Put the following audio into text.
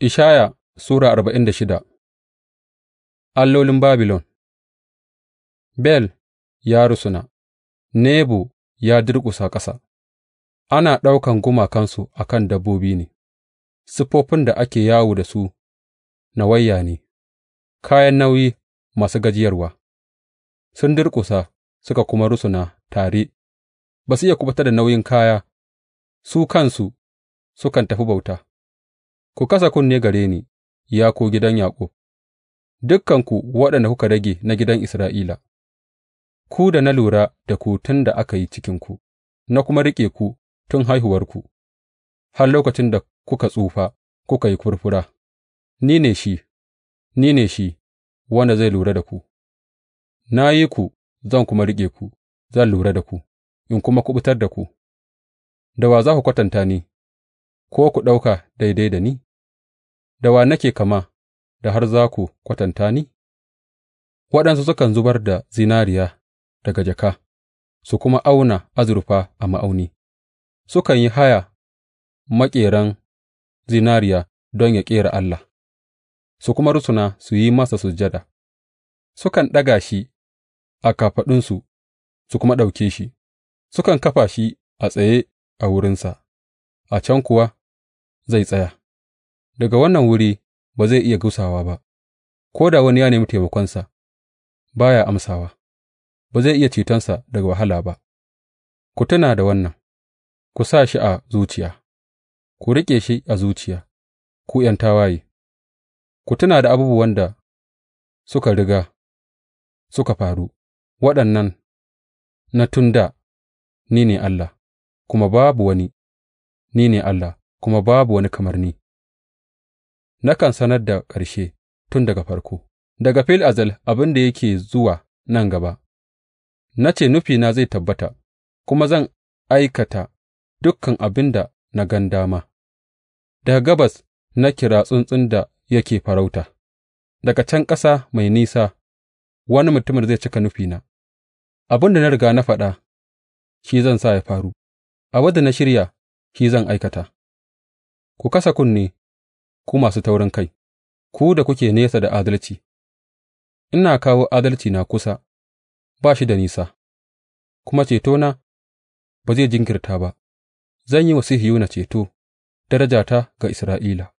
Ishaya Sura arba'in da shida Allolin Babilon Bel ya rusuna, nebu ya durƙusa ƙasa, ana ɗaukan gumakansu a kan dabbobi ne, siffofin da ake yawo da su wayya ne, kayan nauyi masu gajiyarwa, sun durƙusa suka kuma rusuna tare, ba su iya kubata da nauyin kaya, su kansu sukan tafi bauta. Ku kasa kunne gare ni, ya ku gidan Yaƙub, dukanku waɗanda kuka rage na gidan Isra'ila, ku da na lura da ku tun da aka yi cikinku na kuma riƙe ku tun haihuwarku, har lokacin da kuka tsufa kuka yi furfura, ni ne shi, ni ne shi wanda zai lura da ku, na yi ku zan kuma riƙe ku, zan lura da ku, in kuma kuɓutar da ku, da wa za ku kwatanta ni, ko ku ɗauka daidai da ni? Da wa nake kama da har za ku kwatanta ni? Waɗansu sukan zubar da zinariya daga jaka su kuma auna azurfa a ma'auni; sukan yi haya maƙeran zinariya don ya ƙera allah su kuma rusuna su yi masa sujada; sukan ɗaga shi a kafaɗunsu su kuma ɗauke shi; sukan kafa shi a tsaye a wurinsa, a can kuwa zai tsaya. Daga wannan wuri ba zai iya gusawa ba; ko da wani ya nemi taimakonsa, ba ya amsawa, ba zai iya cetonsa daga wahala ba Ku tuna da wannan, ku sa shi a zuciya, ku riƙe shi a zuciya, ku ’yan tawaye; ku tuna da abubuwan da suka riga suka faru, waɗannan na tun dā, Ni ne Allah, kuma babu wani; Ni ne Allah, kuma babu wani kamar ni. nakan sanar da ƙarshe tun daga farko, daga fil azal abin da yake zuwa nan gaba, na ce nufina zai tabbata, kuma zan aikata dukkan abin da na gan dama. Daga gabas na kira tsuntsun da yake farauta, daga can ƙasa mai nisa wani mutumin zai cika nufina, abin da na riga na faɗa, shi zan sa ya faru, abin da na shirya, shi zan aikata. Ku kasa kunne ku masu taurinkai, ku da kuke nesa da adalci, ina kawo adalci na kusa, ba shi da nisa, kuma cetona ba zai jinkirta ba; zan yi wa na ceto, darajata ga Isra'ila.